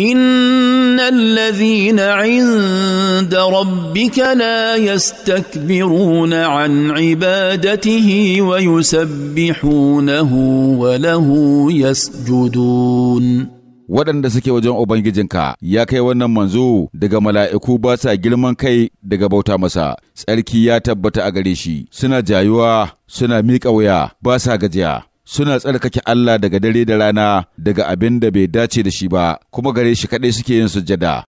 ان الذين عند ربك لا يستكبرون عن عبادته ويسبحونه وله يسجدون waɗanda suke wajen Ubangijinka ya kai wannan manzo daga mala'iku ba sa girman kai daga bauta masa, tsarki ya tabbata a gare shi, suna jayuwa, suna miƙa wuya, ba sa gajiya. suna tsarkake Allah daga dare da rana daga abin da bai dace da shi ba, kuma gare shi kaɗai suke yin sujada.